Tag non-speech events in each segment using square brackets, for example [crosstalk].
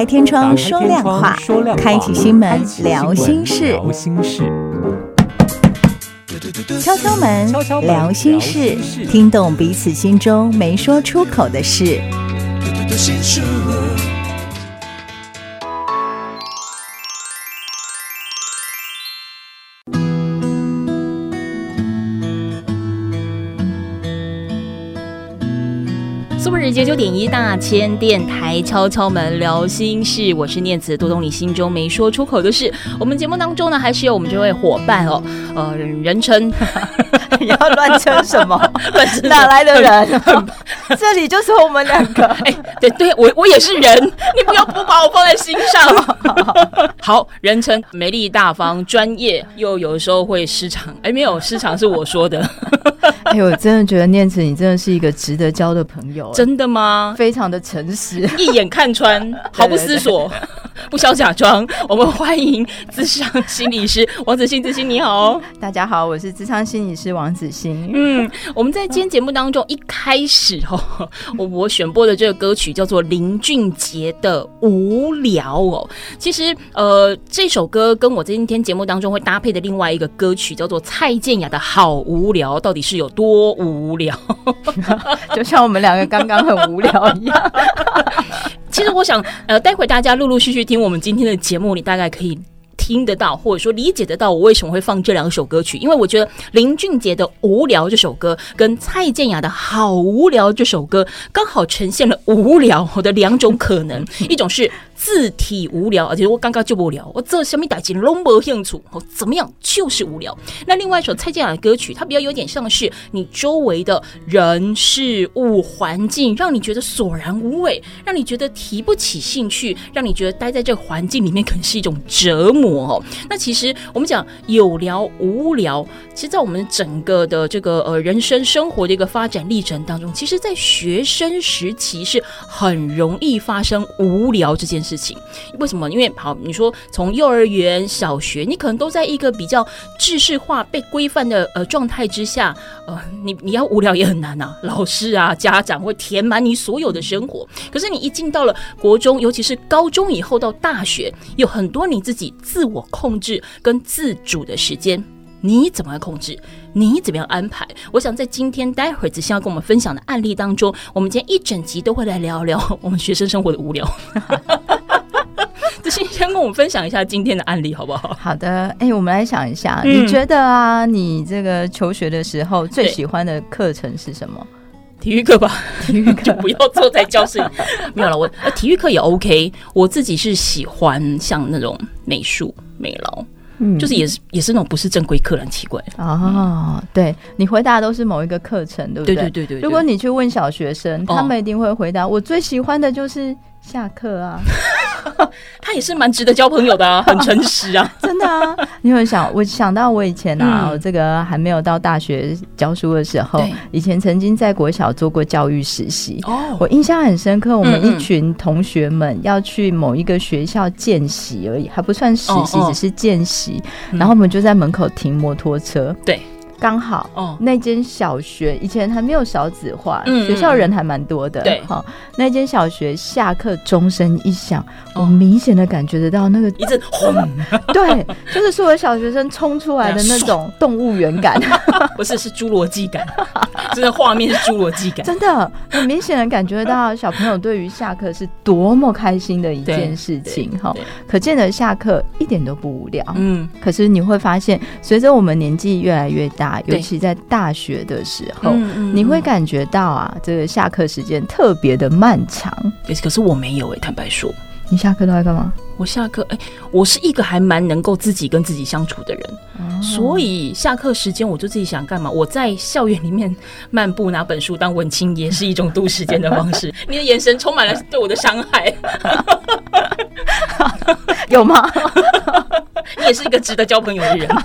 開天窗說亮話，開啟心門,新門聊心室，敲敲門聊心室，聽懂彼此心中沒說出口的事。敲敲九點一大千電台敲敲門聊心室，我是念慈，讀懂你心中沒說出口的事。我們節目當中呢，還是有我們這位夥伴哦，呃，人稱，你要亂稱什麼？ [laughs] 哪來的人、 [laughs] 哦？這裡就是我們兩個，欸。對，對我我也是人，你不要不把我放在心上。 [laughs] 好，人稱，美麗大方，專業又有時候會失常。哎，欸，沒有失常是我說的。 [laughs] 哎呦， [laughs] 欸、我真的覺得念慈，你真的是一個值得交的朋友。欸，真的嗎？非常的誠實， [laughs] 一眼看穿，毫不思索。 [laughs] 對 [laughs] 不消假裝，我們歡迎諮商心理師王子欣。子欣，你好，大家好，我是諮商心理師王子欣。嗯，我們在今天節目當中一開始哦，我我選播的這個歌曲叫做林俊傑的《無聊》哦。其實，呃，這首歌跟我今天節目當中會搭配的另外一個歌曲叫做蔡健雅的《好無聊》，到底是有多無聊？ [laughs] 就像我們兩個剛剛很無聊一樣。 [laughs] [laughs] 其實我想，呃，待會大家陸陸續續聽我們今天的節目，你大概可以聽得到，或者說理解得到，我為什麼會放這兩首歌曲？因為我覺得林俊杰的《無聊》這首歌跟蔡健雅的《好無聊》這首歌，剛好呈現了無聊的兩種可能，一種是，字體無聊，而且我剛剛就不無聊，我做什麼打金龍不興處怎麼樣就是無聊。那另外一首蔡健雅的歌曲，它比較有點像是你周圍的人事物環境，讓你覺得索然無味，讓你覺得提不起興趣，讓你覺得待在這個環境裡面可能是一種折磨哦。那其實我們講有聊無聊，其實在我們整個的這個呃人生生活的一個發展歷程當中，其實在學生時期是很容易發生無聊這件事。事情為什麼？因為好，你說從幼兒園、小學，你可能都在一個比較制式化、被規範的呃狀態之下，呃，你你要無聊也很難吶、啊。老師啊、家長會填滿你所有的生活。可是你一進到了國中，尤其是高中以後到大學，有很多你自己自我控制跟自主的時間，你怎麼樣控制？你怎麼樣安排？我想在今天待會兒，子先要跟我們分享的案例當中，我們今天一整集都會來聊聊我們學生生活的無聊。 [laughs] 先跟我們分享一下今天的案例，好不好？好的，哎、欸，我們來想一下，嗯、你覺得啊，你這個求學的時候最喜歡的課程是什麼？體育課吧，體育課育 [laughs] 就不要坐在教室裡，沒有了。我體育課也 OK，我自己是喜歡像那種美術、美勞，嗯，就是也是也是那種不是正規課，很奇怪。嗯、哦，對，你回答都是某一個課程，對不對？對對對，對對對。如果你去問小學生，哦、他們一定會回答，我最喜歡的就是。下課啊， [laughs] 他也是蠻值得交朋友的、啊，很誠實啊， [laughs] 真的啊。你有想我想到我以前啊，嗯、我這個還沒有到大學教書的時候，對以前曾經在國小做過教育實習。哦，我印象很深刻，我們一群同學們要去某一個學校見習而已，還不算實習，哦、只是見習。哦、然後我們就在門口停摩托車。對。剛好，哦，那間小學以前還沒有少子化，學校人還蠻多的。對哈，那間小學下課鐘聲一響，我明顯的感覺得到那個一陣轟，對，就是所有小學生衝出來的那種動物園感，不是，是侏羅紀感，真的畫面是侏羅紀感，真的很明顯的感覺到小朋友對於下課是多麼開心的一件事情哈，可見得下課一點都不無聊。嗯，可是你會發現，隨着我們年紀越來越大。尤其在大學的時候，嗯嗯、你會感覺到啊，這個下課時間特別的漫長。可是我沒有哎、欸，坦白說，你下課都在幹嘛？我下課哎、欸，我是一個還蠻能夠自己跟自己相處的人，哦、所以下課時間我就自己想幹嘛。我在校園裡面漫步，拿本書當文青，也是一種度時間的方式。 [laughs] 你的眼神充滿了對我的傷害， [laughs] [laughs] 有嗎？ [laughs] 你也是一個值得交朋友的人。 [laughs]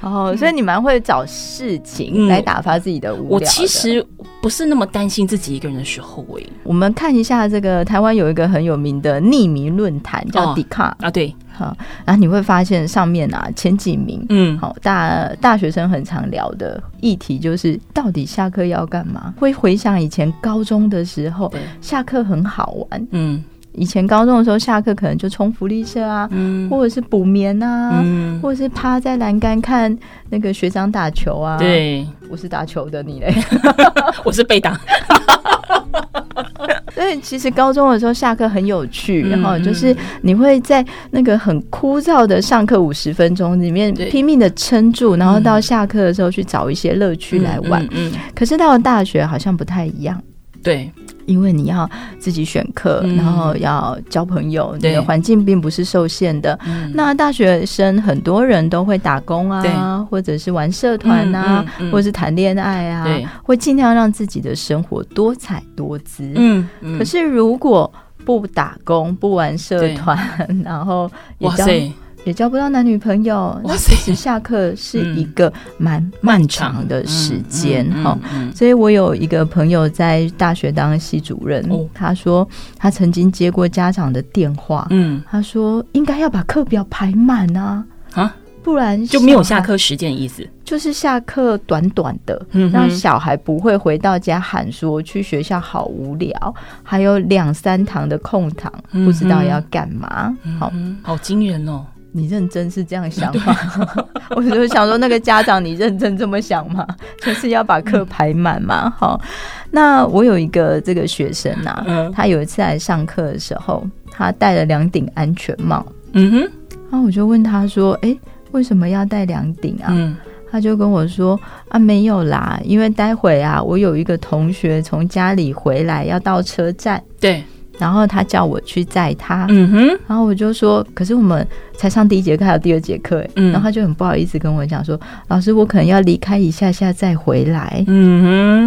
哦，所以你蠻會找事情來打发自己的無聊的、嗯我。我其實不是那麼擔心自己一個人的時候、欸，喂。我們看一下這個台灣有一個很有名的匿名論壇叫 Dcard 哦。啊，對，哈，然後你會發現上面啊前幾名，嗯，好、哦、大大學生很常聊的議題就是到底下課要幹嘛？會回想以前高中的時候，對下課很好玩，嗯。以前高中的時候，下課可能就衝福利社啊，嗯、或者是補眠啊，嗯、或者是趴在欄杆看那個學長打球啊。對，我是打球的你嘞？ [laughs] 我是被打。所 [laughs] 以其實高中的時候下課很有趣，嗯、然後就是你會在那個很枯燥的上課五十分鐘裡面拼命的撐住，對然後到下課的時候去找一些樂趣來玩。嗯，嗯嗯可是到了大學好像不太一樣。對，因為你要自己選課，嗯、然後要交朋友，對，你的環境並不是受限的。嗯、那大學生很多人都會打工啊，對或者是玩社團啊，嗯嗯嗯、或是談戀愛啊，對會盡量讓自己的生活多彩多姿。嗯嗯、可是如果不打工、不玩社團，對然後也哇塞。也交不到男女朋友，那其實下課是一個蠻漫長的時間哈。所以我有一個朋友在大學當系主任，他說他曾經接過家長的電話，嗯，他說應該要把課表排滿啊，啊，不然就沒有下課時間的意思，就是下課短短的，讓小孩不會回到家喊說去學校好無聊，還有兩三堂的空堂，不知道要幹嘛，好，好驚人哦。你認真是這樣想嗎？你對 [laughs] 我就想說那個家長，你認真這麼想嗎？就是要把課排滿嗎？好，那我有一個這個學生啊，他有一次來上課的時候，他戴了兩頂安全帽。嗯哼，然後、啊、我就問他說：“哎、欸，為什麼要戴兩頂啊？”嗯、他就跟我說：“啊，沒有啦，因為待會啊，我有一個同學從家裡回來要到車站。”對。然後他叫我去載他，嗯哼。然後我就說，可是我們才上第一節課，還有第二節課，哎、嗯。然後他就很不好意思跟我講說，老師，我可能要離開一下下再回來。嗯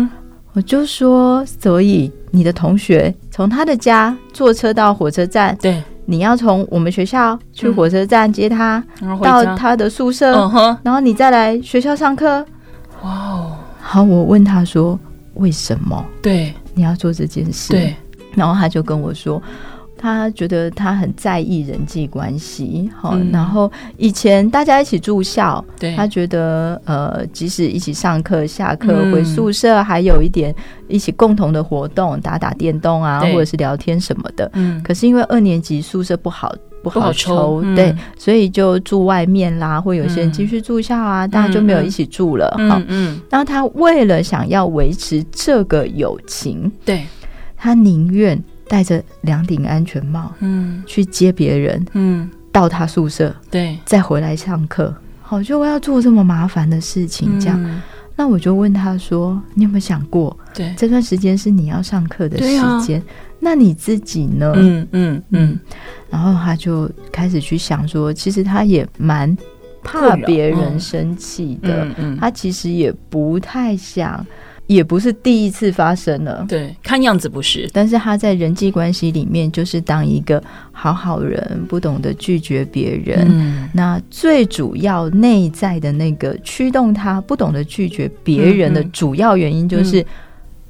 哼。我就說，所以你的同學從他的家坐車到火車站，對，你要從我們學校去火車站接他，嗯、然後回到他的宿舍，嗯哼。然後你再來學校上課。哇哦。好，我問他說為什麼？對，你要做這件事？對。然後他就跟我說，他覺得他很在意人際關係，好。然後以前大家一起住校，他覺得呃，即使一起上課、下課、回宿舍，還有一點一起共同的活動，打打電動啊，或者是聊天什麼的。可是因為二年級宿舍不好，不好抽，對，所以就住外面啦，或有些人繼續住校啊，大家就沒有一起住了。嗯嗯。那他為了想要維持這個友情，對。他寧願戴着兩頂安全帽，嗯，去接別人，嗯，到他宿舍，對，再回來上課，好，就要做這麼麻煩的事情，這樣。嗯、那我就問他說：“你有沒有想過？對，這段時間是你要上課的時間，啊、那你自己呢？嗯嗯嗯。嗯嗯嗯”然後他就開始去想說，其實他也蠻怕別人生氣的，嗯嗯嗯、他其實也不太想。也不是第一次發生了。對，看樣子不是。但是他在人際關係裡面，就是當一個好好人，不懂得拒絕別人。嗯、那最主要內在的那個驅動他不懂得拒絕別人的主要原因，就是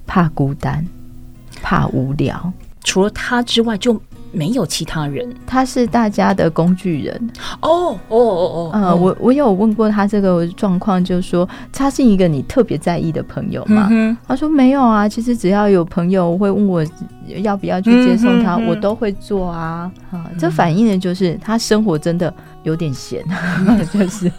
怕孤單，嗯、怕無聊。除了他之外，就。沒有其他人，他是大家的工具人。哦哦哦哦，嗯、我我有問過他這個狀況就是，就說他是一個你特別在意的朋友嘛。嗯、哼他說沒有啊，其實只要有朋友會問我要不要去接送他，嗯、哼哼我都會做啊。啊好，嗯、這反映的就是他生活真的有點閒，就是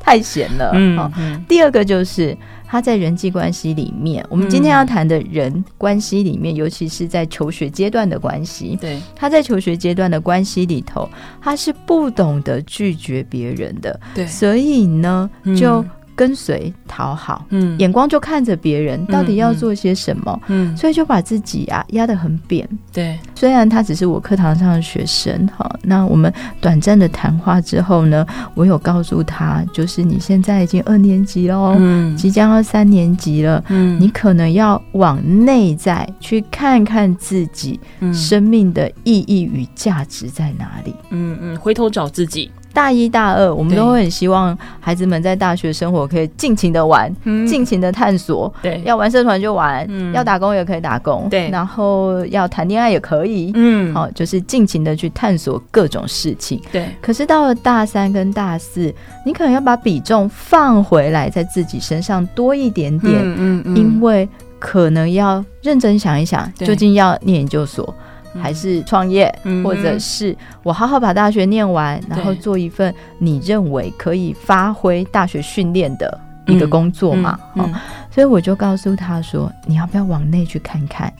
太閒了。嗯哼好，第二個就是。他在人際關係裡面，我們今天要談的人關係裡面，嗯、尤其是在求學階段的關係。對，他在求學階段的關係裡頭，他是不懂得拒絕別人的。對，所以呢，就。嗯跟隨討好，嗯，眼光就看着別人到底要做些什麼，嗯，嗯，所以就把自己啊壓得很扁，對。雖然他只是我課堂上的學生，好，那我們短暫的談話之後呢，我有告訴他，就是你現在已經二年級囉，嗯，即將要三年級了，嗯，你可能要往內在去看看自己生命的意義與價值在哪裡，嗯、嗯，回頭找自己。大一、大二，我們都會很希望孩子們在大學生活可以盡情的玩，對盡情的探索。對，要玩社團就玩，嗯、要打工也可以打工。對，然後要談戀愛也可以。嗯，好、哦，就是盡情的去探索各種事情。對，可是到了大三跟大四，你可能要把比重放回來，在自己身上多一點點。嗯，嗯嗯，因為可能要認真想一想，對究竟要念研究所。還是創業，或者是我好好把大學念完，嗯、然後做一份你認為可以發揮大學訓練的一個工作嘛？嗯嗯嗯、哦，所以我就告訴他說，你要不要往內去看看，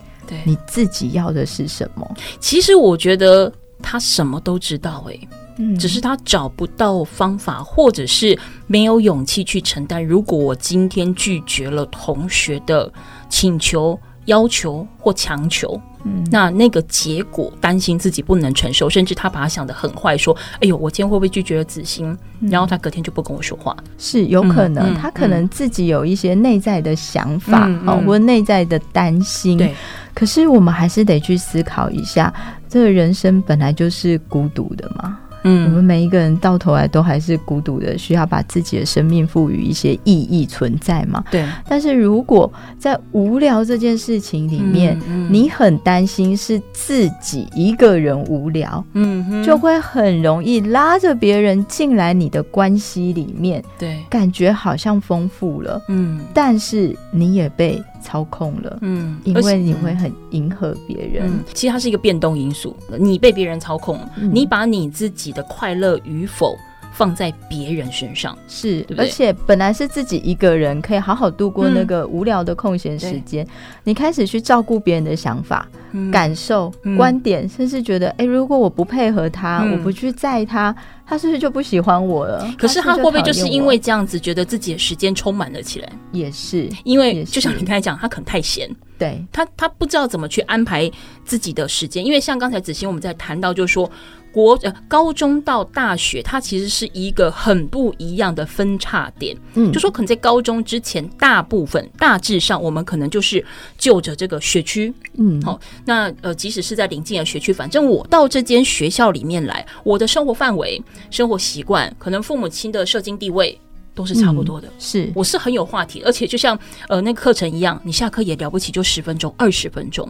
你自己要的是什麼？其實我覺得他什麼都知道，哎，嗯、只是他找不到方法，或者是沒有勇氣去承擔。如果我今天拒絕了同學的請求、要求或強求。那那個結果，擔心自己不能承受，甚至他把他想得很壞，說：“哎呦，我今天會不會拒絕了子欣？”嗯、然後他隔天就不跟我說話，是有可能，嗯嗯、他可能自己有一些內在的想法啊，或、嗯嗯哦、內在的擔心。對、嗯，嗯、可是我們還是得去思考一下，對這個人生本來就是孤獨的嘛。嗯，我們每一個人到頭來都還是孤獨的，需要把自己的生命賦予一些意義存在嘛？對。但是如果在無聊這件事情裡面，嗯嗯，你很擔心是自己一個人無聊，嗯哼，就會很容易拉着別人進來你的關係裡面，對，感覺好像豐富了，嗯，但是你也被操控了，嗯，因為你會很迎合別人。嗯嗯，其實它是一個變動因素。你被別人操控，嗯，你把你自己的快樂與否。放在別人身上是，對不對？而且本來是自己一個人可以好好度過那個無聊的空閒時間，嗯、你開始去照顧別人的想法、嗯、感受、嗯、觀點，甚至覺得，哎、欸，如果我不配合他，嗯、我不去在意他，他是不是就不喜歡我了？可是他會不會就是因為這樣子，覺得自己的時間充滿了起來？也是，因為就像你剛才講，他可能太閒，對他，他不知道怎麼去安排自己的時間。因為像剛才子欣我們在談到，就是說。我呃，高中到大學，它其實是一個很不一樣的分叉點。嗯，就說可能在高中之前，大部分大致上，我們可能就是就着這個學區，嗯，好、哦，那呃，即使是在臨近的學區，反正我到這間學校裡面來，我的生活範圍、生活習慣，可能父母親的社經地位都是差不多的。嗯、是，我是很有話題，而且就像呃那個課程一樣，你下課也了不起就，就十分鐘、二十分鐘。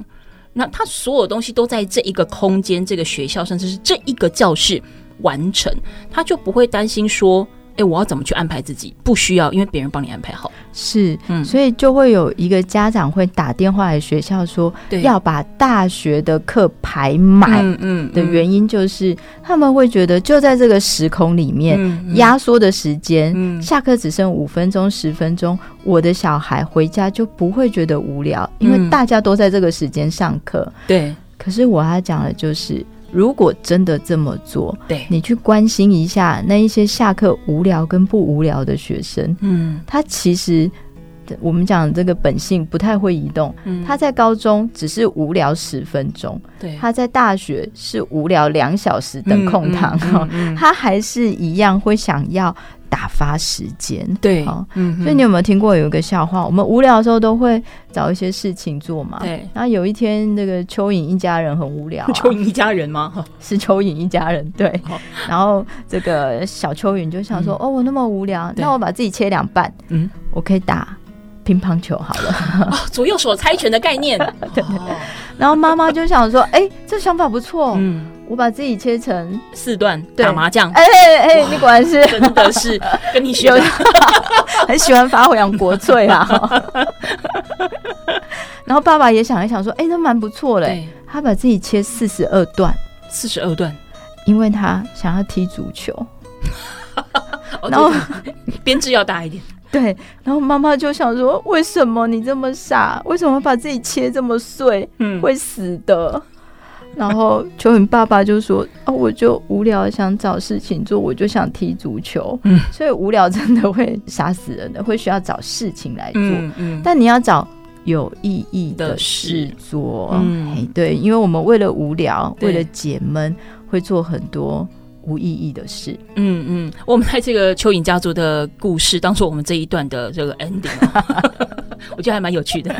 那他所有東西都在這一個空間、這個學校，甚至是這一個教室完成，他就不會擔心說。哎、欸，我要怎麼去安排自己？不需要，因為別人幫你安排好。是，嗯、所以就會有一個家長會打電話來學校說，對要把大學的課排滿。嗯的原因就是、嗯嗯嗯、他們會覺得，就在這個時空裡面，壓縮、嗯嗯、的時間，嗯、下課只剩五分鐘、十分鐘，嗯、我的小孩回家就不會覺得無聊，嗯、因為大家都在這個時間上課。對，可是我要講的就是。如果真的這麼做，對，你去關心一下那一些下課無聊跟不無聊的學生，嗯，他其實。我們講這個本性不太會移動。他在高中只是無聊十分鐘，他在大學是無聊兩小時等空堂，他還是一樣會想要打發時間。對，嗯，所以你有沒有聽過有一個笑話？我們無聊的時候都會找一些事情做嘛。對，然後有一天那個蚯蚓一家人很無聊，蚯蚓一家人嗎？是蚯蚓一家人。對，然後這個小蚯蚓就想說：“哦，我那麼無聊，那我把自己切兩半，嗯，我可以打。”乒乓球好了，左右手猜拳的概念。然後媽媽就想說：“哎，這想法不錯，嗯，我把自己切成四段打麻將。”哎哎，你果然是真的是跟你學，很喜歡發揚國粹啊。然後爸爸也想一想說：“哎，那蠻不錯嘞。”他把自己切四十二段，四十二段，因為他想要踢足球。然後編制要大一點。對，然後媽媽就想說：“為什麼你這麼傻？為什麼把自己切這麼碎？嗯，會死的。”然後就你 [laughs] 爸爸就說：“哦、啊，我就無聊，想找事情做，我就想踢足球。嗯，所以無聊真的會殺死人的，會需要找事情來做。嗯，嗯但你要找有意義的事做。嗯，okay, 對，因為我們為了無聊，對為了解悶，會做很多。”無意義的事。嗯嗯，我們來這個蚯蚓家族的故事當做我們這一段的這個 ending，、啊、 [laughs] 我覺得還蠻有趣的，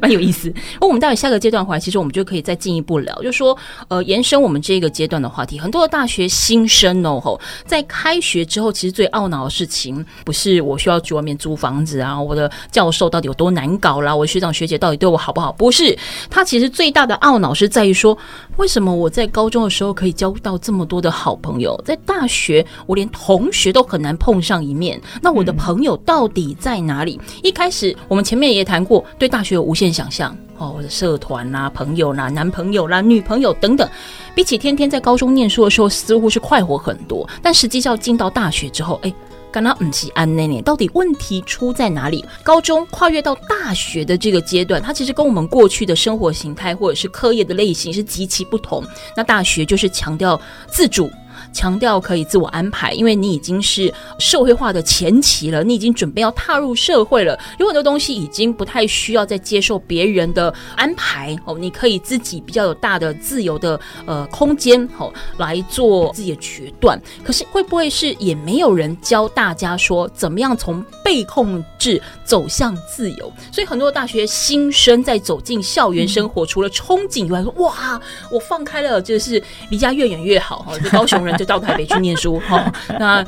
蠻有意思。那我們待會下個階段回來，其實我們就可以再進一步聊，就是、說呃，延伸我們這個階段的話題。很多的大學新生哦，在開學之後，其實最懊惱的事情不是我需要去外面租房子啊，我的教授到底有多難搞啦、啊，我的學長學姐到底對我好不好？不是，他其實最大的懊惱是在於說，為什麼我在高中的時候可以交到這麼多的好朋友？在大學，我連同學都很難碰上一面，那我的朋友到底在哪裡？一開始我們前面也談過，對大學有無限想象哦，我的社團啦、啊、朋友啦、啊、男朋友啦、啊啊、女朋友等等，比起天天在高中念書的時候，似乎是快活很多。但實際上進到大學之後，哎、欸，剛到嗯，係安內呢？到底問題出在哪裡？高中跨越到大學的這個階段，它其實跟我們過去的生活形態或者是課業的類型是極其不同。那大學就是強調自主。強調可以自我安排，因為你已經是社會化的前期了，你已經準備要踏入社會了，有很多東西已經不太需要再接受別人的安排哦，你可以自己比較有大的自由的呃空間哦來做自己的決斷。可是會不會是也沒有人教大家說怎麼樣從被控制走向自由？所以很多大學新生在走進校園生活，除了憧憬以外，說哇，我放開了，就是離家越遠越好，就高雄人就是。到台北去念書哈，那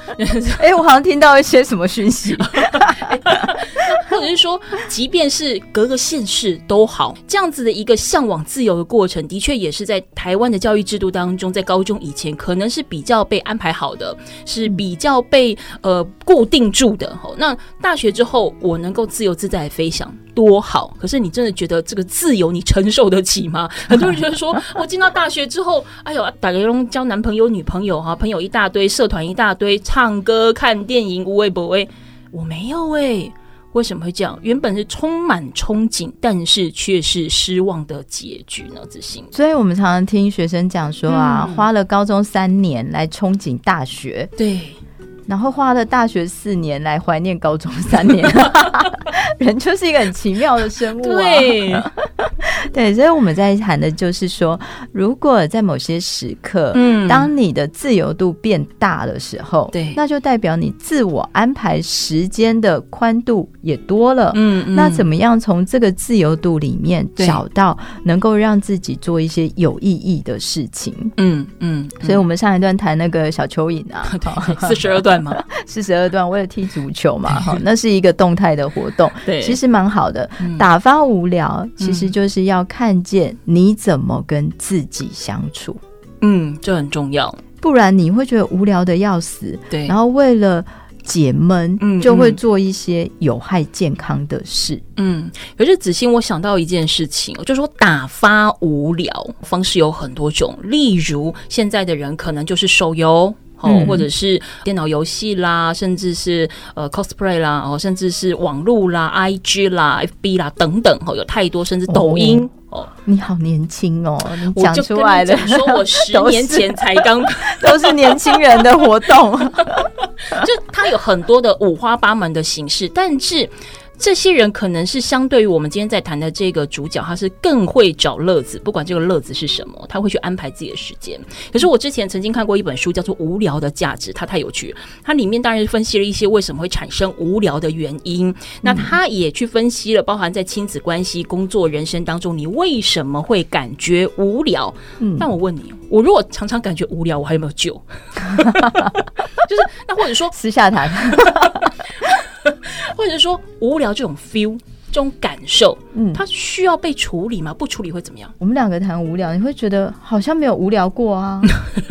哎、欸，我好像聽到一些什麼訊息， [laughs] 或者是說，即便是隔個縣市都好，這樣子的一個向往自由的過程，的確也是在台灣的教育制度當中，在高中以前可能是比較被安排好的，是比較被呃固定住的，那大學之後，我能夠自由自在地飛翔，多好！可是你真的覺得這個自由你承受得起嗎？ [laughs] 很多人覺得說，我進到大學之後，哎呦，打個工，交男朋友女朋友。朋友一大堆，社團一大堆，唱歌、看電影，無畏、不微。我沒有哎、欸，為什麼會這樣？原本是充滿憧憬，但是卻是失望的結局呢？自信。所以我們常常聽學生講說啊，嗯、花了高中三年來憧憬大學。對。然後花了大學四年來懷念高中三年， [laughs] [laughs] 人就是一個很奇妙的生物啊，對， [laughs] 對，所以我們在談的就是說，如果在某些時刻，嗯，當你的自由度變大的時候，對，那就代表你自我安排時間的寬度也多了，嗯嗯。嗯，那怎麼樣從這個自由度裡面找到能夠讓自己做一些有意義的事情？嗯嗯，對。所以我們上一段談那個小蚯蚓啊，四十二段。四十二段為了踢足球嘛，哈、 [laughs] 哦，那是一個動態的活動， [laughs] 對，其實蠻好的，嗯、打發無聊，其實就是要看見你怎麼跟自己相處，嗯，這很重要，不然你會覺得無聊的要死，對，然後為了解悶，嗯、就會做一些有害健康的事，嗯，可是子欣，我想到一件事情，就是說打發無聊方式有很多種，例如現在的人可能就是手遊。哦，或者是電腦遊戲啦，甚至是呃 cosplay 啦，哦，甚至是網路啦、IG 啦、FB 啦等等，哦，有太多，甚至抖音哦，你好年輕哦，你講出來的，我你說我十年前才剛都，都是年輕人的活動， [laughs] 就它有很多的五花八門的形式，但是。這些人可能是相對於我們今天在談的這個主角，他是更會找樂子，不管這個樂子是什麼，他會去安排自己的時間。可是我之前曾經看過一本書，叫做《無聊的價值》，它太有趣了。它裡面當然是分析了一些為什麼會產生無聊的原因。那他也去分析了，包含在親子關係、工作、人生當中，你為什麼會感覺無聊？嗯，但我問你，我如果常常感覺無聊，我還有沒有救？ [laughs] 就是那或者說私下談。 [laughs] 或者說無聊這種 feel。這種感受，嗯，它需要被處理嗎？不處理會怎麼樣？我們兩個談無聊，你會覺得好像沒有無聊過啊？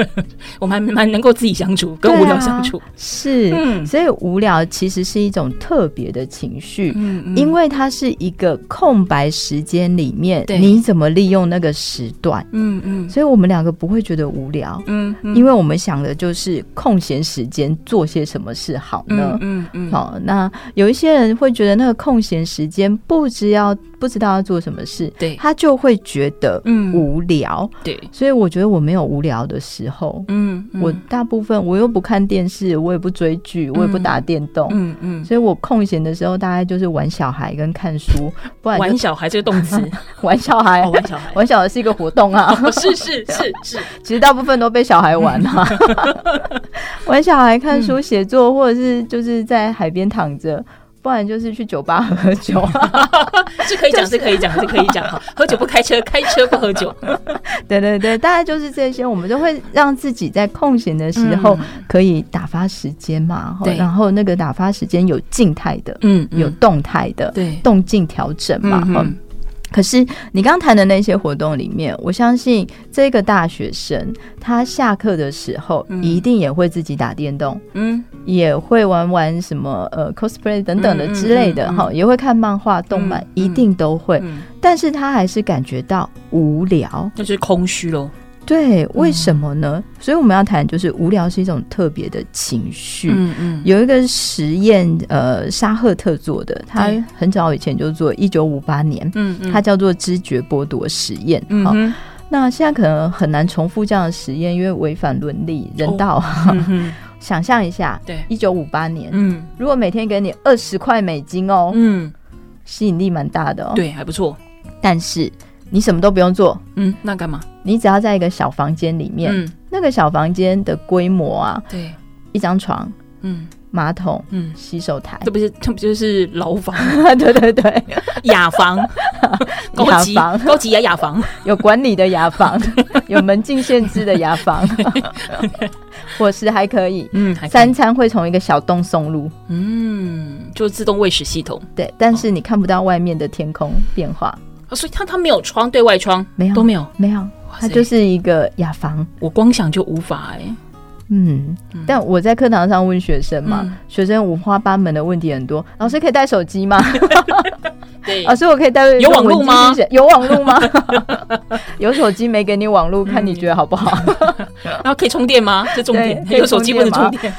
[laughs] 我們還蠻能夠自己相處，跟無聊相處、啊、是，嗯、所以無聊其實是一種特別的情緒，嗯、因為它是一個空白時間裡面，嗯、你怎麼利用那個時段？嗯嗯，嗯所以我們兩個不會覺得無聊，嗯，嗯因為我們想的就是空閒時間做些什麼事好呢？嗯嗯，嗯嗯好，那有一些人會覺得那個空閒時間。不知要不知道要做什麼事，對，他就會覺得嗯無聊，嗯、對，所以我覺得我沒有無聊的時候，嗯，嗯我大部分我又不看電視，我也不追劇，嗯、我也不打電動，嗯嗯，嗯嗯所以我空閒的時候大概就是玩小孩跟看書，不然玩小孩這個動詞 [laughs] 孩、哦，玩小孩，玩小孩，玩小孩是一個活動啊，哦、是是是是， [laughs] 其實大部分都被小孩玩了、啊， [laughs] 玩小孩、看書、寫作，或者是就是在海邊躺着。嗯或然就是去酒吧喝酒， [laughs] [laughs] 是可以講、就是， [laughs] 是可以講，是可以講哈。喝酒不開車，開車不喝酒。 [laughs] 對對對，大概就是這些。我們都會讓自己在空閒的時候可以打發時間嘛。對、嗯。然後那個打發時間有靜態的，對的嗯，有動態的，對，動靜調整嘛。嗯。可是你剛談的那些活動裡面，我相信這個大學生他下課的時候一定也會自己打電動，嗯，也會玩玩什麼呃 cosplay 等等的之類的，哈、嗯，嗯嗯嗯、也會看漫畫、動漫，嗯嗯、一定都會。嗯嗯、但是他還是感覺到無聊，那就是空虛咯。對，為什麼呢？嗯、所以我們要談，就是無聊是一種特別的情緒。嗯嗯，嗯有一個實驗，呃，沙赫特做的，他很早以前就做，一九五八年。嗯，嗯他叫做知覺剝奪實驗。嗯哼、哦、那現在可能很難重複這樣的實驗，因為違反倫理、人道。哦嗯、 [laughs] 想象一下，對，一九五八年，嗯，如果每天給你二十塊美金哦，嗯，吸引力蠻大的哦，對，還不錯，但是。你什麼都不用做，嗯，那幹嘛？你只要在一個小房間裡面，那個小房間的規模啊，對，一張床，嗯，馬桶，嗯，洗手台，這不是，這不就是牢房？對對對，雅房，高級房，高級雅雅房，有管理的雅房，有門禁限制的雅房，伙食還可以，嗯，三餐會從一個小洞送入，嗯，就自動餵食系統，對，但是你看不到外面的天空變化。所以他他沒有窗，對外窗沒有都沒有沒有，他就是一個雅房，我光想就無法哎。嗯，但我在課堂上問學生嘛，學生五花八門的問題很多。老師可以帶手機嗎？老師我可以帶有網絡嗎？有網絡嗎？有手機沒給你網絡，看你覺得好不好？然後可以充電嗎？這重點有手機不能充電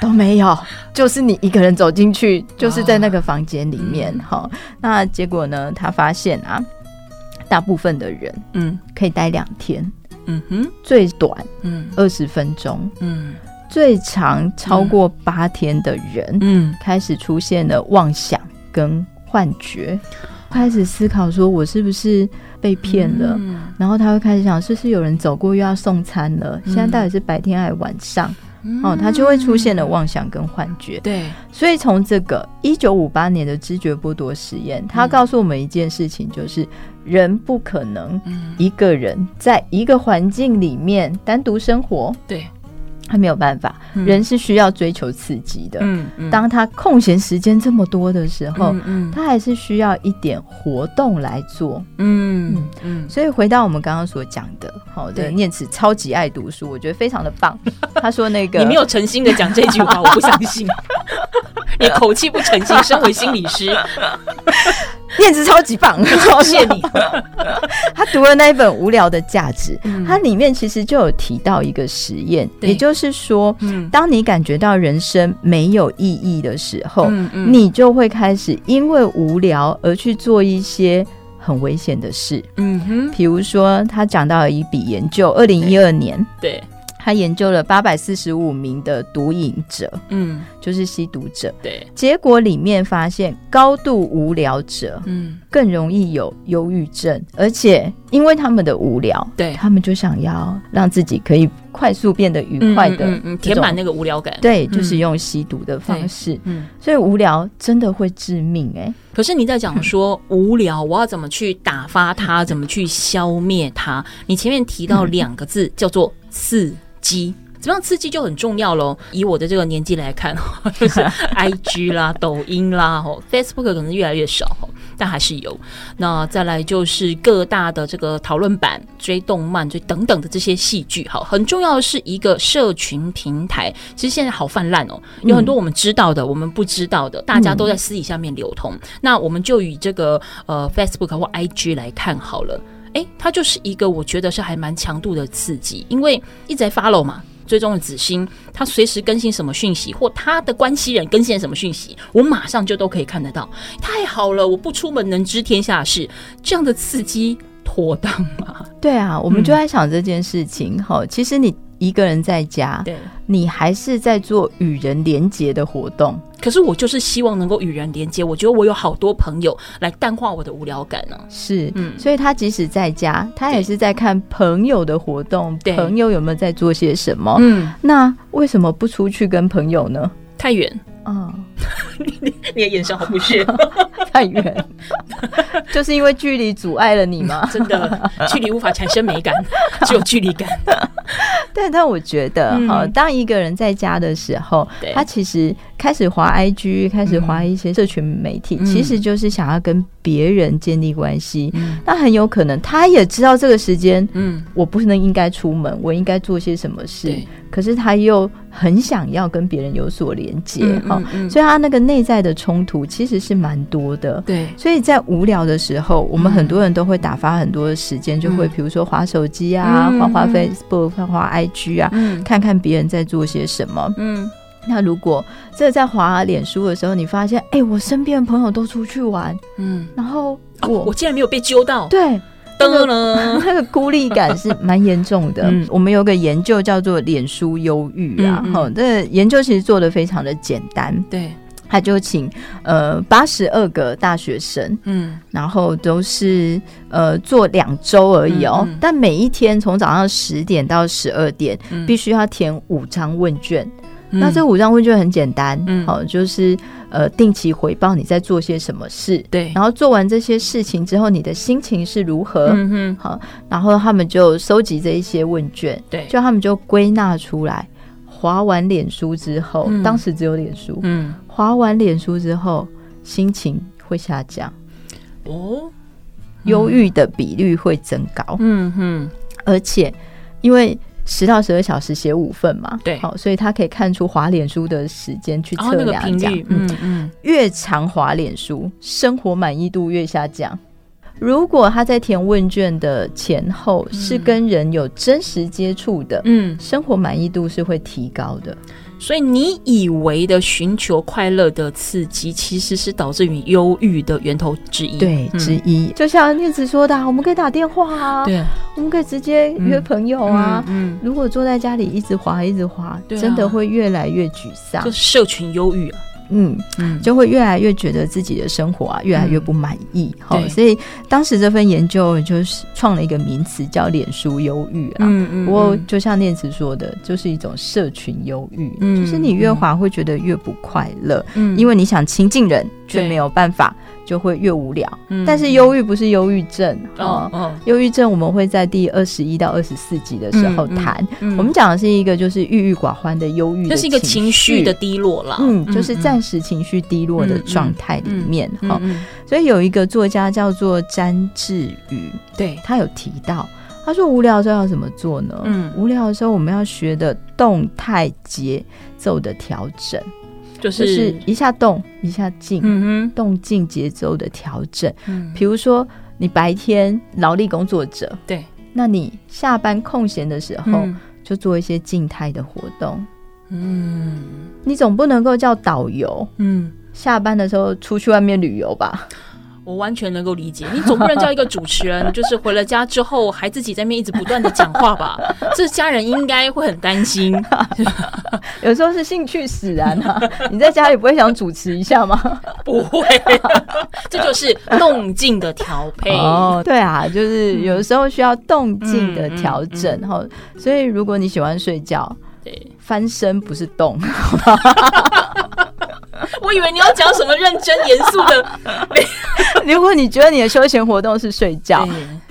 都沒有，就是你一個人走進去，就是在那個房間裡面哈。那結果呢？他發現啊。大部分的人，嗯，可以待兩天，嗯哼，最短，嗯，二十分鐘，嗯，最長超過八天的人，嗯，開始出現了妄想跟幻覺，開始思考說我是不是被騙了，然後他會開始想是不是有人走過又要送餐了，現在到底是白天還是晚上？哦，他就會出現了妄想跟幻覺，對，所以從這個一九五八年的知覺剝奪實驗，他告訴我們一件事情，就是。人不可能一個人在一個環境裡面單獨生活。嗯，對。他沒有辦法，人是需要追求刺激的。當他空閒時間這麼多的時候，他還是需要一點活動來做。嗯嗯，所以回到我們剛剛所講的，好的念慈超級愛讀書，我覺得非常的棒。他說那個你沒有誠心的講這句話，我不相信。你口氣不誠心，身為心理師，念慈超級棒，謝謝你。他讀了那一本《無聊的價值》，它裡面其實就有提到一個實驗，也就是。就是說，當你感覺到人生沒有意義的時候，嗯、嗯、你就會開始因為無聊而去做一些很危險的事。嗯哼，比如說他講到了一筆研究，二零一二年，對，對，他研究了八百四十五名的毒癮者，嗯，就是吸毒者，對，結果裡面發現高度無聊者，嗯，更容易有憂鬱症，而且因為他們的無聊，對他們就想要讓自己可以。快速變得愉快的，嗯嗯嗯，填滿那個無聊感。對，就是用吸毒的方式。嗯，所以無聊真的會致命。誒、欸，可是你在講說哼無聊，我要怎麼去打發它？哼怎麼去消滅它？你前面提到兩個字哼叫做“刺激”。這樣刺激就很重要嘍、哦。以我的這個年紀來看、哦，就是 I G 啦、 [laughs] 抖音啦、哦、 [laughs] Facebook 可能越來越少、哦，但還是有。那再來就是各大的這個討論版、追動漫、追等等的這些戲劇，好，很重要的是一個社群平台。其實現在好泛濫哦，有很多我們知道的，嗯、我們不知道的，大家都在私底下面流通。嗯、那我們就以這個呃 Facebook 或 I G 來看好了。哎，它就是一個我覺得是還蠻強度的刺激，因為一直在 follow 嘛。最終的子星，他隨時更新什麼訊息，或他的關係人更新什麼訊息，我馬上就都可以看得到。太好了，我不出門能知天下事，這樣的刺激妥當嗎、啊？對啊，嗯、我們就在想這件事情。哈，其實你。一個人在家，對，你還是在做與人連接的活動。可是我就是希望能夠與人連接。我覺得我有好多朋友來淡化我的無聊感呢、啊。是，嗯、所以他即使在家，他也是在看朋友的活動，對，朋友有沒有在做些什麼。嗯對，那為什麼不出去跟朋友呢？太遠。嗯，你 [laughs] 你的眼神好不屑，太遠，就是因為距離阻礙了你嗎？真的，距離無法產生美感， [laughs] 只有距離感。但但我覺得哈，嗯、當一個人在家的時候，對他其實開始滑 IG，開始滑一些社群媒體，嗯、其實就是想要跟別人建立關係。那、嗯、很有可能，他也知道這個時間，嗯，我不能應該出門，嗯、我應該做些什麼事。可是他又很想要跟別人有所連接哈，嗯嗯嗯、所以他那個內在的衝突其實是蠻多的。對，所以在無聊的時候，嗯、我們很多人都會打發很多的時間，嗯、就會比如說滑手機啊，滑、嗯、Facebook，滑 IG 啊，嗯、看看別人在做些什麼。嗯，那如果真的在滑臉書的時候，你發現，哎、欸，我身邊的朋友都出去玩，嗯，然後我、哦、我竟然沒有被揪到，對。那個噠 [laughs] 那個孤立感是蠻嚴重的。 [laughs] 嗯、我們有個研究叫做“臉書憂鬱”啊，好、嗯嗯，這個、研究其實做得非常的簡單。對，他就請呃八十二個大學生，嗯，然後都是呃做兩周而已哦、喔。嗯嗯但每一天從早上十點到十二點，嗯、必須要填五張問卷。嗯、那這五張問卷很簡單，好嗯嗯，就是。呃，定期回報你在做些什麼事，對，然後做完這些事情之後，你的心情是如何？嗯哼，好、啊，然後他們就收集這一些問卷，對，就他們就歸納出來，滑完臉書之後，嗯、當時只有臉書，嗯，滑完臉書之後，心情會下降，哦，嗯、憂鬱的比率會增高，嗯哼，而且因為。十到十二小時寫五份嘛，對，好、哦，所以他可以看出滑臉書的時間去測量，嗯、哦那個、嗯，嗯嗯越長滑臉書，生活滿意度越下降。如果他在填問卷的前後是跟人有真實接觸的，嗯，生活滿意度是會提高的。嗯嗯所以你以為的尋求快樂的刺激，其實是導致於憂鬱的源頭之一，對，之一。嗯、就像念慈說的，我們可以打電話啊，對啊，我們可以直接約朋友啊。嗯嗯嗯、如果坐在家裡一直滑，一直滑，啊、真的會越來越沮喪，就社群憂鬱、啊。嗯嗯，就會越來越覺得自己的生活啊，越來越不滿意。嗯、對，所以當時這份研究就是創了一個名詞，叫“臉書憂鬱”啊。嗯嗯，嗯嗯不過就像念慈說的，就是一種社群憂鬱，嗯、就是你越滑會覺得越不快樂，嗯、因為你想親近人。卻沒有辦法，就會越無聊。但是憂鬱不是憂鬱症哦。憂鬱症我們會在第二十一到二十四集的時候談。我們講的是一個就是鬱鬱寡歡的憂鬱，這是一個情緒的低落啦。嗯，就是暫時情緒低落的狀態裡面。所以有一個作家叫做詹智宇，對，他有提到，他說無聊的時候要怎麼做呢？嗯，無聊的時候我們要學的動態節奏的調整。就是、就是一下動一下靜，嗯嗯動靜節奏的調整。嗯、比如說你白天勞力工作者，對，那你下班空閒的時候、嗯、就做一些靜態的活動。嗯，你總不能夠叫導遊，嗯，下班的時候出去外面旅遊吧？我完全能夠理解，你總不能叫一個主持人， [laughs] 就是回了家之後還自己在那邊一直不斷的講話吧？這家人應該會很擔心。 [laughs] 有時候是興趣使然啊， [laughs] 你在家裡不會想主持一下嗎？不會， [laughs] 這就是動靜的調配。哦，對啊，就是有的時候需要動靜的調整、嗯嗯嗯嗯。所以如果你喜歡睡覺，對，翻身不是動，好吧？ [laughs] 我以為你要講什麼認真嚴肅的。 [laughs] [laughs] 如果你覺得你的休閒活動是睡覺，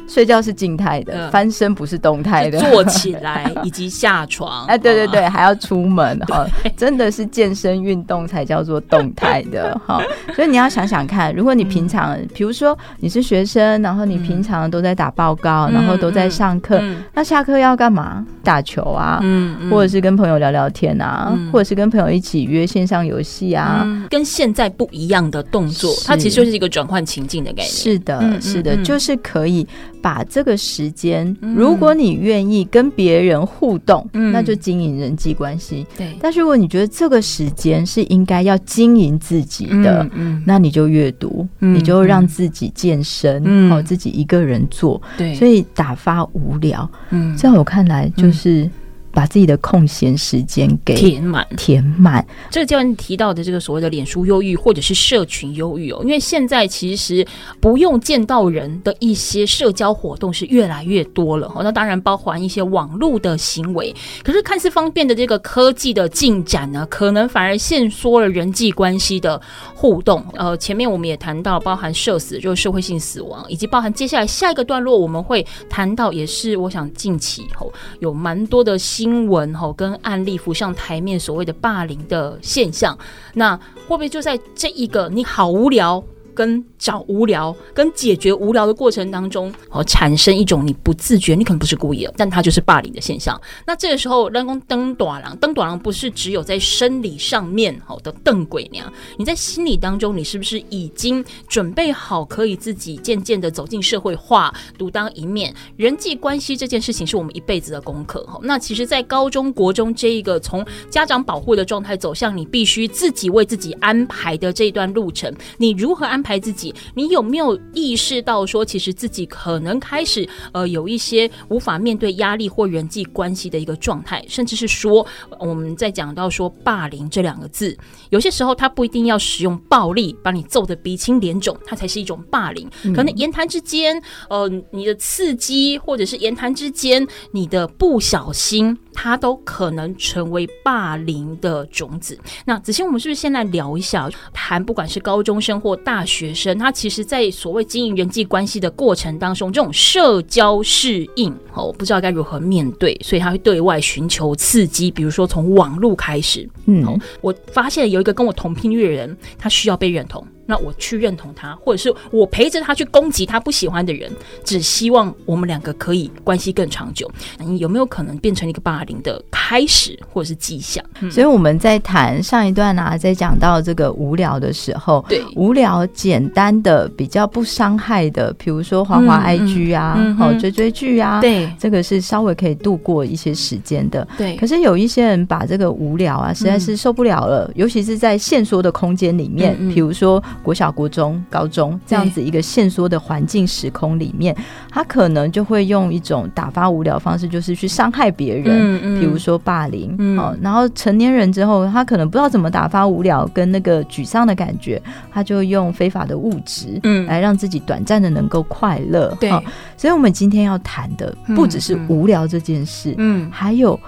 睡覺是靜態的，翻身不是動態的，坐起來以及下床，哎，對對對，還要出門哈，真的是健身運動才叫做動態的哈。所以你要想想看，如果你平常，比如說你是學生，然後你平常都在打報告，然後都在上課，那下課要幹嘛？打球啊，或者是跟朋友聊聊天啊，或者是跟朋友一起約線上遊戲啊，跟現在不一樣的動作，它其實就是一個轉換情況。是的，是的，就是可以把這個時間，如果你願意跟別人互動，那就經營人際關係。對，但如果你覺得這個時間是應該要經營自己的，那你就閱讀，你就讓自己健身然後，自己一個人做。所以打發無聊，在我看來，就是。把自己的空閒時間給填滿，填滿。這個叫你提到的這個所謂的臉書憂鬱，或者是社群憂鬱哦。因為現在其實不用見到人的一些社交活動是越來越多了哦。那當然包含一些網絡的行為，可是看似方便的這個科技的進展呢，可能反而限縮了人際關係的互動。呃，前面我們也談到，包含社死，就是社會性死亡，以及包含接下來下一個段落我們會談到，也是我想近期以後有蠻多的新聞吼，跟案例浮上台面，所謂的霸凌的現象，那會不會就在這一個？你好無聊。跟找無聊，跟解決無聊的過程當中，哦，產生一種你不自覺，你可能不是故意的，但他就是霸凌的現象。那這個時候，讓我們轉大人，轉大人不是只有在生理上面，吼的轉大人。你在心理當中，你是不是已經準備好可以自己漸漸的走進社會化，獨當一面？人際關係這件事情是我們一輩子的功課，哈、哦。那其實，在高中國中這一個從家長保護的狀態走向你必須自己為自己安排的這一段路程，你如何安？拍自己，你有沒有意識到說，其實自己可能開始呃有一些無法面對壓力或人際關係的一個狀態，甚至是說、嗯、我們在講到說霸凌這兩個字，有些時候他不一定要使用暴力把你揍得鼻青臉腫，它才是一種霸凌。可能言談之間，呃，你的刺激或者是言談之間你的不小心，它都可能成為霸凌的種子。那子欣，我們是不是先來聊一下，談不管是高中生或大學？學生他其實，在所謂經營人際關係的過程當中，這種社交適應哦，不知道該如何面對，所以他會對外尋求刺激，比如說從網路開始。嗯、哦，我發現有一個跟我同頻率的人，他需要被認同。那我去認同他，或者是我陪着他去攻擊他不喜歡的人，只希望我們兩個可以關係更長久。那你有沒有可能變成一個霸凌的開始，或者是跡象？嗯、所以我們在談上一段啊，在講到這個無聊的時候，對無聊簡單的、比較不傷害的，比如說滑滑 IG 啊，好、嗯嗯嗯、追追劇啊，對，這個是稍微可以度過一些時間的。對，可是有一些人把這個無聊啊，實在是受不了了，嗯、尤其是在限縮的空間裡面，比、嗯嗯、如說。國小、國中、高中這樣子一個限縮的環境時空裡面，對他可能就會用一種打發無聊的方式，就是去傷害別人，比、嗯嗯、如說霸凌。嗯、哦，然後成年人之後，他可能不知道怎麼打發無聊跟那個沮喪的感覺，他就用非法的物質，嗯，來讓自己短暫的能夠快樂。嗯哦、對，所以，我們今天要談的不只是無聊這件事，嗯，嗯還有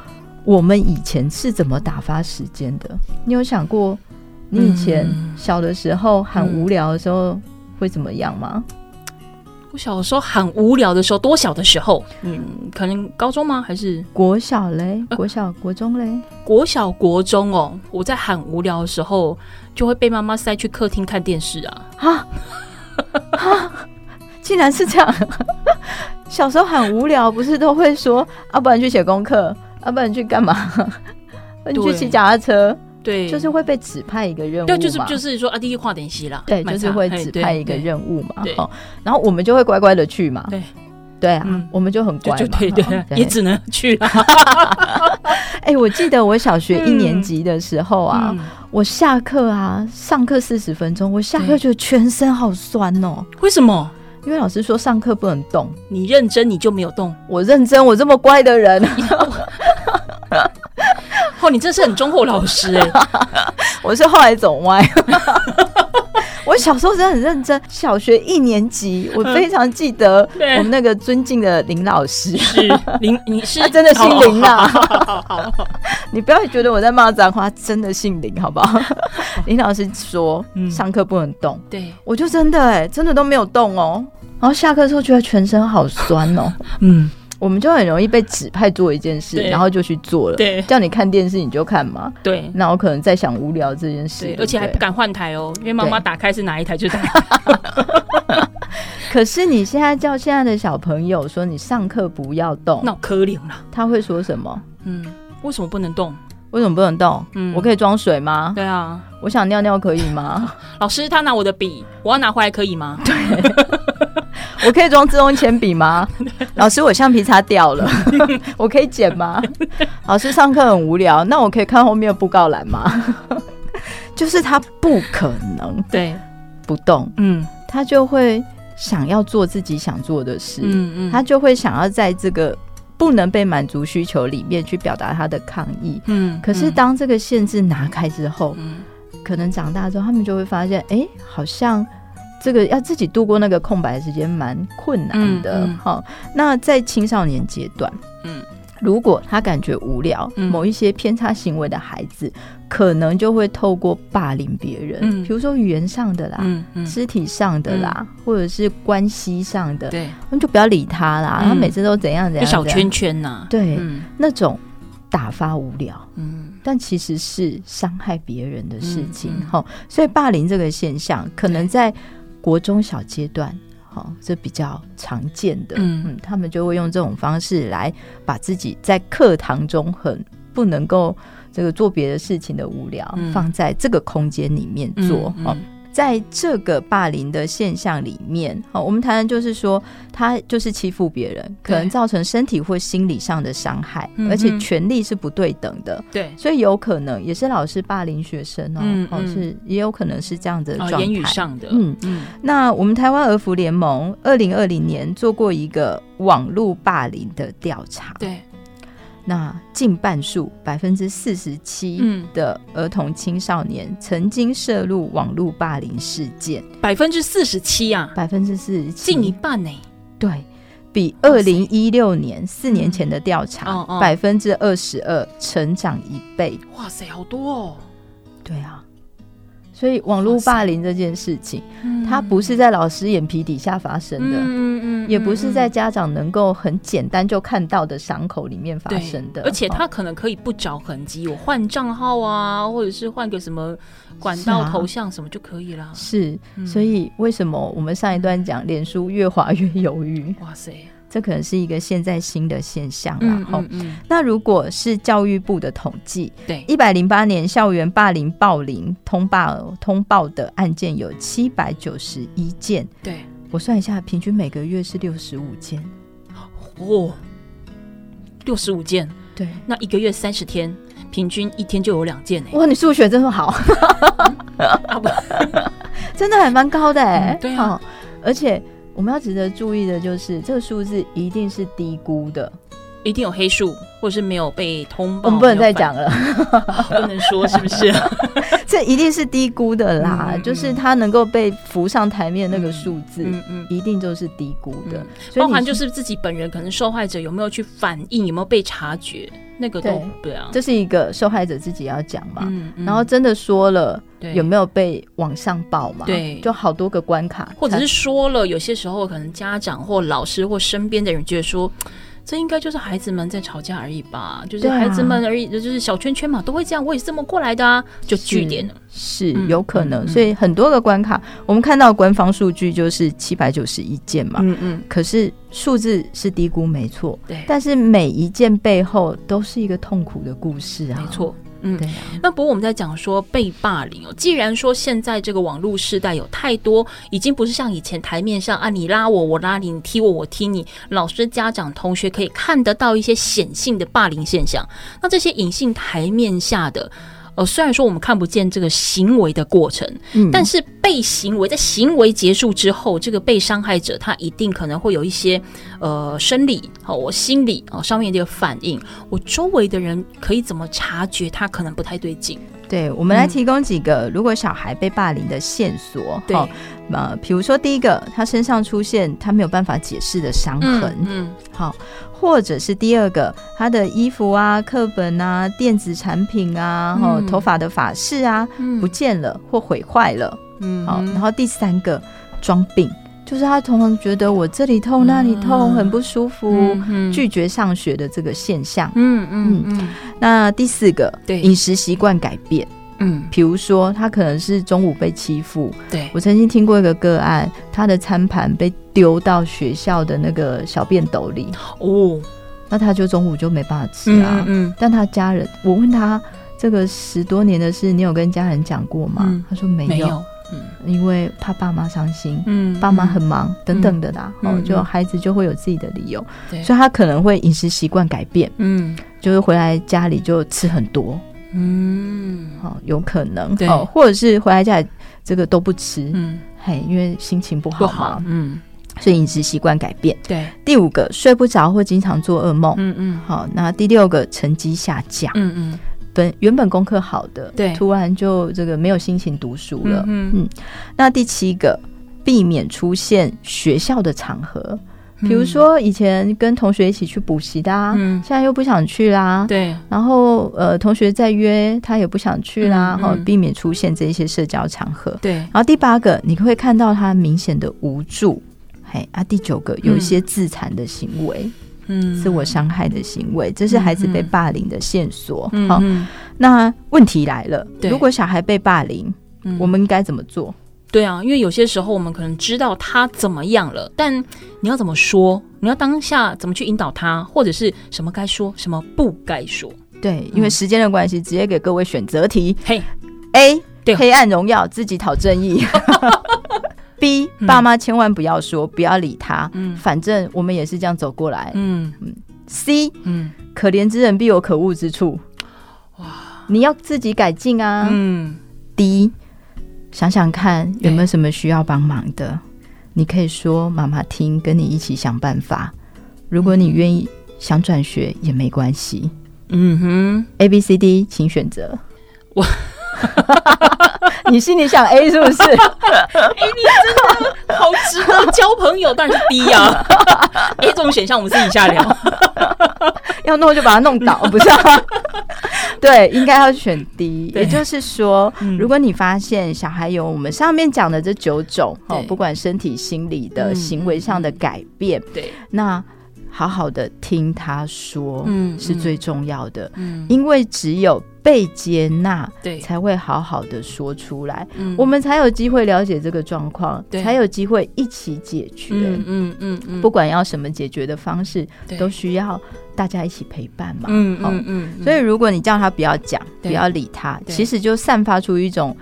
我們以前是怎麼打發時間的？你有想過？你以前小的時候很無聊的時候會怎麼樣嗎？嗯、我小時候很無聊的時候，多小的時候？嗯，可能高中嗎？還是國小嘞？國小、呃、國中嘞？國小、國中哦。我在很無聊的時候，就會被媽媽塞去客廳看電視啊，啊。啊，竟然是這樣！小時候很無聊，不是都會說：要、啊、不然去寫功課，要、啊、不然去幹嘛？你、啊、去騎腳踏車。對，就是會被指派一個任務嘛。對，就是就是說啊，第一畫點漆了。對，就是會指派一個任務嘛。對。然後我們就會乖乖的去嘛。對。對啊，我們就很乖嘛。對對。也只能去。哎，我記得我小學一年級的時候啊，我下課啊，上課四十分鐘，我下課覺得全身好酸哦。為什麼？因為老師說上課不能動，你認真你就沒有動。我認真，我這麼乖的人。哦，你真是很忠厚老師哎、欸！ [laughs] 我是後來走歪。 [laughs] 我小時候真的很認真，小學一年級，我非常記得我們那個尊敬的林老師。 [laughs] 是林，你是真的是姓林啊？ [laughs] 你不要覺得我在罵髒話，真的姓林，好不好？好，林老師說、嗯、上課不能動，對我就真的哎、欸，真的都沒有動哦。然後下課之後覺得全身好酸哦。 [laughs] 嗯。我們就很容易被指派做一件事，然後就去做了。對，叫你看電視，你就看嘛。對，那我可能在想無聊這件事，而且還不敢換台哦，因為媽媽打開是哪一台就哪台。可是你現在叫現在的小朋友說你上課不要動，那我可涼了。他會說什麼？嗯，為什麼不能動？為什麼不能動？嗯，我可以裝水嗎？對啊，我想尿尿可以嗎？老師，他拿我的筆，我要拿回來可以嗎？對。我可以裝自動鉛筆嗎？ [laughs] 老師，我橡皮擦掉了， [laughs] [laughs] 我可以撿嗎？ [laughs] 老師上課很無聊，那我可以看後面的布告欄嗎？ [laughs] 就是他不可能對不動，嗯，他就會想要做自己想做的事，嗯嗯，嗯，他就會想要在這個不能被滿足需求裡面去表達他的抗議，嗯，嗯，可是當這個限制拿開之後，嗯、可能長大之後他們就會發現，哎、欸，好像。這個要自己度過那個空白的時間蠻困難的，齁。那在青少年階段，嗯，如果他感覺無聊，某一些偏差行為的孩子，可能就會透過霸凌別人，比如說語言上的啦，嗯嗯，肢體上的啦，或者是關係上的，對，我們就不要理他啦。他每次都怎樣怎樣，小圈圈吶，對，那種打發無聊，嗯，但其實是傷害別人的事情，齁。所以霸凌這個現象，可能在國中小階段，好、哦，這比較常見的，嗯，嗯，他們就會用這種方式來把自己在課堂中很不能夠這個做別的事情的無聊，嗯、放在這個空間裡面做，好、嗯。嗯哦在這個霸凌的現象裡面，好，我們談，就是說，他就是欺負別人，可能造成身體或心理上的傷害，嗯、而且權力是不對等的，對，所以有可能也是老師霸凌學生哦，嗯嗯是也有可能是這樣的狀態，嗯、哦、言語上的、嗯。那我們台灣兒福聯盟二零二零年做過一個網絡霸凌的調查，對。那近半數，百分之四十七的兒童青少年曾經涉入網絡霸凌事件，百分之四十七啊，百分之四十七，近一半呢。對比二零一六年四年前的調查，百分之二十二，成長一倍。哇塞，好多哦。對啊。所以網絡霸凌這件事情，嗯、它不是在老師眼皮底下發生的，嗯嗯嗯嗯、也不是在家長能夠很簡單就看到的傷口裡面發生的。對哦、而且他可能可以不找痕跡，我換賬號啊，或者是換個什麼管道、啊、頭像什麼就可以了。是，嗯、所以為什麼我們上一段講臉書越滑越憂鬱？哇塞！這可能是一個現在新的現象，然後、嗯嗯嗯哦、那如果是教育部的統計，對，一百零八年校園霸凌暴凌通報通報的案件有七百九十一件。對，我算一下，平均每個月是六十五件。哦，六十五件。對，那一個月三十天，平均一天就有兩件。哇，你數學真的好、 [laughs] 嗯啊、 [laughs] 真的還蠻高的哎、嗯。對、啊哦、而且。我們要值得注意的就是，這個數字一定是低估的。一定有黑數，或是沒有被通報。我們不能再講了，不能說，是不是？這一定是低估的啦，就是他能夠被浮上台面那個數字，嗯嗯，一定就是低估的。包含就是自己本人可能受害者有沒有去反應，有沒有被察覺，那個都對啊。這是一個受害者自己要講嘛，然後真的說了，有沒有被往上報嘛？對，就好多個關卡，或者是說了，有些時候可能家長或老師或身邊的人覺得說。這應該就是孩子們在吵架而已吧，就是孩子們而已，啊、就是小圈圈嘛，都會這樣，我也是這麼過來的啊，就據點是，是有可能，嗯、所以很多個關卡，我們看到官方數據就是七百九十一件嘛，嗯嗯，嗯可是數字是低估沒錯，對，但是每一件背後都是一個痛苦的故事啊，沒錯。嗯，那不過我們在講說被霸凌哦，既然說現在這個網絡時代有太多，已經不是像以前檯面上啊，你拉我，我拉你，你踢我，我踢你，老師、家長、同學可以看得到一些顯性的霸凌現象，那這些隱性檯面下的。呃，雖然說我們看不見這個行為的過程，嗯、但是被行為在行為結束之後，這個被傷害者他一定可能會有一些呃生理哦、我、喔、心理哦、喔、上面這個反應，我周圍的人可以怎麼察覺他可能不太對勁？對，我們來提供幾個、嗯、如果小孩被霸凌的線索，好對，呃，比如說第一個，他身上出現他沒有辦法解釋的傷痕嗯，嗯，好。或者是第二個，他的衣服啊、課本啊、電子產品啊、後、嗯、頭髮的髮飾啊、嗯、不見了或毀壞了，嗯，好，然後第三個裝病，就是他通常覺得我這裡痛、嗯、那裡痛很不舒服，嗯嗯、拒絕上學的這個現象，嗯嗯嗯，那第四個對飲食習慣改變。嗯，比如說他可能是中午被欺負，對。我曾經聽過一個個案，他的餐盤被丟到學校的那個小便斗裡。哦，那他就中午就沒辦法吃啊。嗯，但他家人，我問他這個十多年的事，你有跟家人講過嗎？他說沒有，沒有，嗯，因為怕爸媽傷心，嗯，爸媽很忙等等的啦。哦，就孩子就會有自己的理由，所以他可能會飲食習慣改變，嗯，就是回來家裡就吃很多。嗯，好，有可能，對、哦，或者是回來家裡這個都不吃，嗯，嘿，因為心情不好嘛，好，嗯，所以飲食習慣改變，對，第五個睡不着，或經常做噩夢，嗯嗯，好，那第六個成績下降，嗯嗯，本原本功課好的，對，突然就這個沒有心情讀書了，嗯哼嗯，那第七個避免出現學校的場合。比如說，以前跟同學一起去補習的、啊，嗯、現在又不想去啦。對，然後呃，同學再約他也不想去啦，好、嗯嗯哦、避免出現這些社交場合。對，然後第八個，你會看到他明顯的無助，嘿啊，第九個，有一些自殘的行為，嗯，自我傷害的行為，這是孩子被霸凌的線索。好、嗯嗯哦，那問題來了，對如果小孩被霸凌，嗯、我們應該怎麼做？對啊，因為有些時候我們可能知道他怎麼樣了，但你要怎麼說？你要當下怎麼去引導他，或者是什麼該說，什麼不該說？對，因為時間的關係，直接給各位選擇題。嘿，A，對，黑暗榮耀，自己討正義。B，爸媽千萬不要說，不要理他，嗯，反正我們也是這樣走過來，嗯嗯。C，嗯，可憐之人必有可惡之處，哇，你要自己改進啊，嗯。D 想想看有沒有什麼需要幫忙的，Yeah. 你可以說媽媽聽，跟你一起想辦法。如果你願意想轉學也沒關係。嗯哼、mm hmm.，A B C D，請選擇我。 [laughs] [laughs] 你心裡想 A 是不是？A、 [laughs] 欸、你真的好值得交朋友，但是 D 啊，A、 [laughs] 欸、這種選項我們私底下聊，要弄就把它弄倒，嗯、不是、啊？ [laughs] 對，應該要選 D，對，也就是說，如果你發現小孩有我們上面講的這九種哦，不管身體、心理的行為上的改變，對，那。好好的聽他說，嗯，是最重要的，嗯，因為只有被接納，對，才會好好的說出來，嗯，我們才有機會了解這個狀況，對，才有機會一起解決，嗯嗯嗯，不管要什麼解決的方式，對，都需要大家一起陪伴嘛，嗯嗯嗯，所以如果你叫他不要講，對，不要理他，對，其實就散發出一種。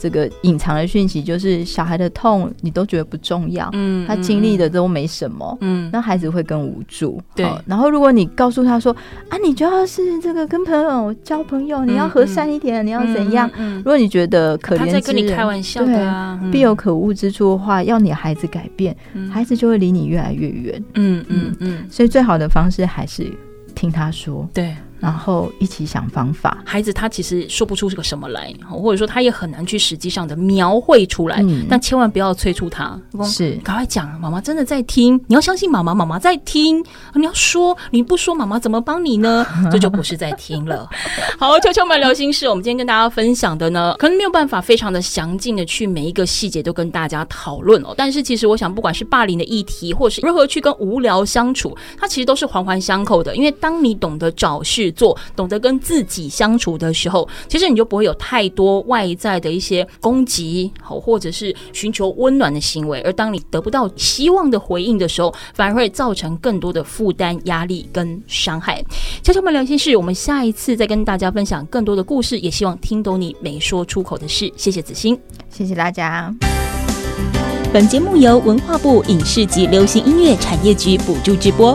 這個隱藏的訊息就是，小孩的痛你都覺得不重要，嗯嗯、他經歷的都沒什麼，嗯，那孩子會更無助，對。然後如果你告訴他說，啊，你就要是這個跟朋友交朋友，你要和善一點，嗯、你要怎樣？嗯嗯嗯、如果你覺得可憐之人，他在跟你開玩笑、啊，對啊，必有可惡之處的話，要你孩子改變，嗯、孩子就會離你越來越遠，嗯嗯嗯。嗯所以最好的方式還是聽他說，對。然後一起想方法。孩子他其實說不出這個什麼來，或者說他也很難去實際上的描繪出來。嗯、但千萬不要催促他，是趕快講，媽媽真的在聽。你要相信媽媽，媽媽在聽。啊，你要說，你不說，媽媽怎麼幫你呢？這 [laughs] 就，就不是在聽了。 [laughs] 好，敲敲門聊心室，我們今天跟大家分享的呢，可能沒有辦法非常的詳盡的去每一個細節都跟大家討論哦。但是其實我想，不管是霸凌的議題，或是如何去跟無聊相處，它其實都是環環相扣的。因為當你懂得找事。做懂得跟自己相處的時候，其實你就不會有太多外在的一些攻擊，好或者是尋求溫暖的行為。而當你得不到希望的回應的時候，反而會造成更多的負擔、壓力跟傷害。敲敲門聊心室，我們下一次再跟大家分享更多的故事，也希望聽懂你沒說出口的事。謝謝子欣，謝謝大家。本節目由文化部影視及流行音樂產業局補助直播。